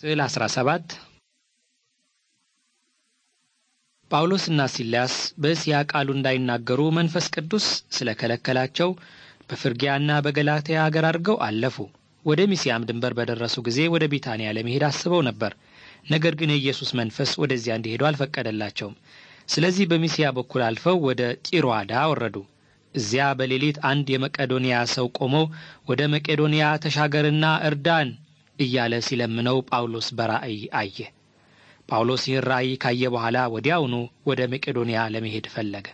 ስዕል 17 ጳውሎስና ሲላስ በእስያ ቃሉ እንዳይናገሩ መንፈስ ቅዱስ ስለከለከላቸው በፍርጊያና በገላትያ አገር አድርገው አለፉ። ወደ ሚስያም ድንበር በደረሱ ጊዜ ወደ ቢታንያ ለመሄድ አስበው ነበር። ነገር ግን የኢየሱስ መንፈስ ወደዚያ እንዲሄዱ አልፈቀደላቸውም። ስለዚህ በሚስያ በኩል አልፈው ወደ ጢሮአዳ ወረዱ። እዚያ በሌሊት አንድ የመቄዶንያ ሰው ቆሞ ወደ መቄዶንያ ተሻገርና እርዳን እያለ ሲለምነው ጳውሎስ በራእይ አየ። ጳውሎስ ይህን ራእይ ካየ በኋላ ወዲያውኑ ወደ መቄዶንያ ለመሄድ ፈለገ።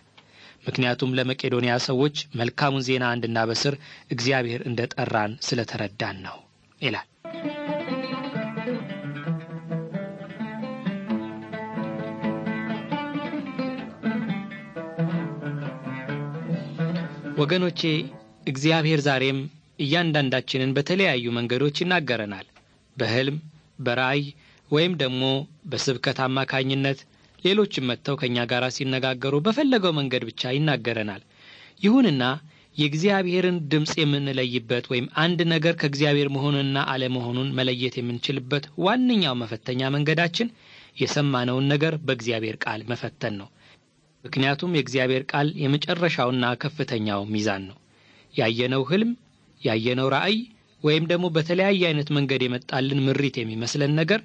ምክንያቱም ለመቄዶንያ ሰዎች መልካሙን ዜና እንድናበስር እግዚአብሔር እንደ ጠራን ስለ ተረዳን ነው ይላል። ወገኖቼ እግዚአብሔር ዛሬም እያንዳንዳችንን በተለያዩ መንገዶች ይናገረናል። በህልም በራእይ ወይም ደግሞ በስብከት አማካኝነት ሌሎችም መጥተው ከእኛ ጋር ሲነጋገሩ በፈለገው መንገድ ብቻ ይናገረናል። ይሁንና የእግዚአብሔርን ድምፅ የምንለይበት ወይም አንድ ነገር ከእግዚአብሔር መሆኑንና አለመሆኑን መለየት የምንችልበት ዋነኛው መፈተኛ መንገዳችን የሰማነውን ነገር በእግዚአብሔር ቃል መፈተን ነው። ምክንያቱም የእግዚአብሔር ቃል የመጨረሻውና ከፍተኛው ሚዛን ነው። ያየነው ህልም፣ ያየነው ራእይ ወይም ደግሞ በተለያየ አይነት መንገድ የመጣልን ምሪት የሚመስለን ነገር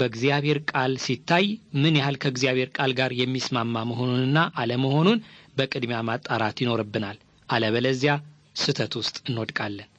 በእግዚአብሔር ቃል ሲታይ ምን ያህል ከእግዚአብሔር ቃል ጋር የሚስማማ መሆኑንና አለመሆኑን በቅድሚያ ማጣራት ይኖርብናል። አለበለዚያ ስህተት ውስጥ እንወድቃለን።